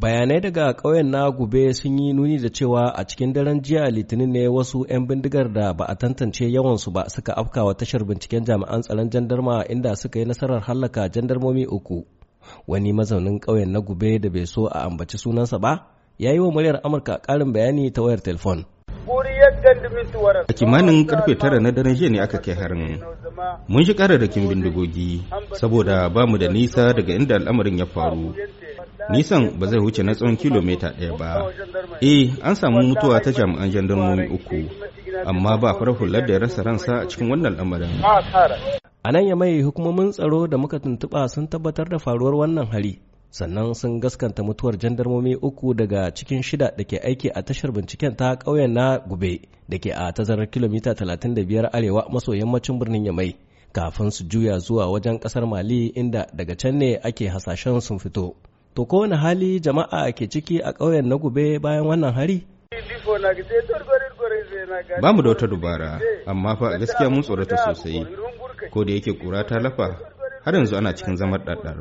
bayanai daga ƙauyen na gube sun yi nuni da cewa a cikin daren jiya litinin ne wasu 'yan bindigar da ba a tantance yawansu ba suka afkawa tashar binciken jami'an tsaron jandarma inda suka yi nasarar hallaka jandarmomi uku wani mazaunin ƙauyen na gube da bai so a ambaci sunansa ba ya yi wa muryar amurka ƙarin bayani ta wayar telefon a kimanin karfe tara na daren jiya ne aka kai harin mun shi ƙararrakin bindigogi saboda ba mu da nisa daga inda al'amarin ya faru nisan ba zai wuce na tsawon kilomita ɗaya ba eh an samu mutuwa ta jami'an jandarmomi uku amma ba farar hular da ya rasa ransa a cikin wannan lamarin a nan ya mai hukumomin tsaro da muka tuntuɓa sun tabbatar da faruwar wannan hari sannan sun gaskanta mutuwar jandarmomi uku daga cikin shida da ke aiki a tashar binciken ta ƙauyen na gube da ke a tazarar kilomita 35 arewa maso yammacin birnin yamai kafin su juya zuwa wajen kasar mali inda daga can ne ake hasashen sun fito To kowane hali jama'a ke ciki a ƙauyen na gube bayan wannan hari? Ba mu da wata dubara, amma fa gaskiya mun tsorata sosai, ko da yake ƙura ta lafa har yanzu ana cikin zamar ɗaɗɗar.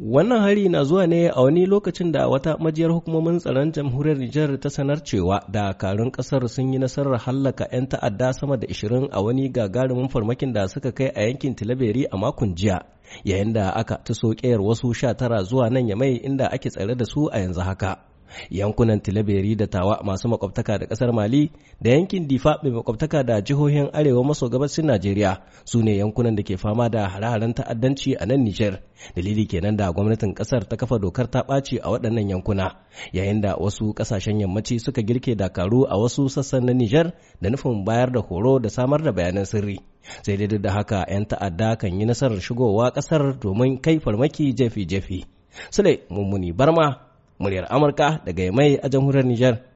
Wannan hari na zuwa ne a wani lokacin da wata majiyar hukumomin tsaron jamhuriyar Nijar ta sanar cewa dakarun ƙasar sun yi nasarar hallaka 'yan ta'adda sama da 20 a wani gagarumin farmakin da suka kai a yankin Tilaberi a makon jiya. yayin da aka ta sokeyar wasu sha tara zuwa nan ya mai inda ake tsare da su a yanzu haka yankunan tilaberi da tawa masu makwabtaka da kasar mali da yankin difa mai makwabtaka da jihohin arewa maso gabashin najeriya su ne yankunan da ke fama da hare-haren ta'addanci a nan nijar dalili kenan da gwamnatin kasar ta kafa dokar ta ɓaci a waɗannan yankuna yayin da wasu ƙasashen yammaci suka girke dakaru a wasu sassan na nijar da nufin bayar da horo da samar da bayanan sirri sai dai duk da haka 'yan ta'adda kan yi nasarar shigowa ƙasar domin kai farmaki jefi-jefi sule mummuni barma muryar Amurka daga mai a jamhuriyar Nijar.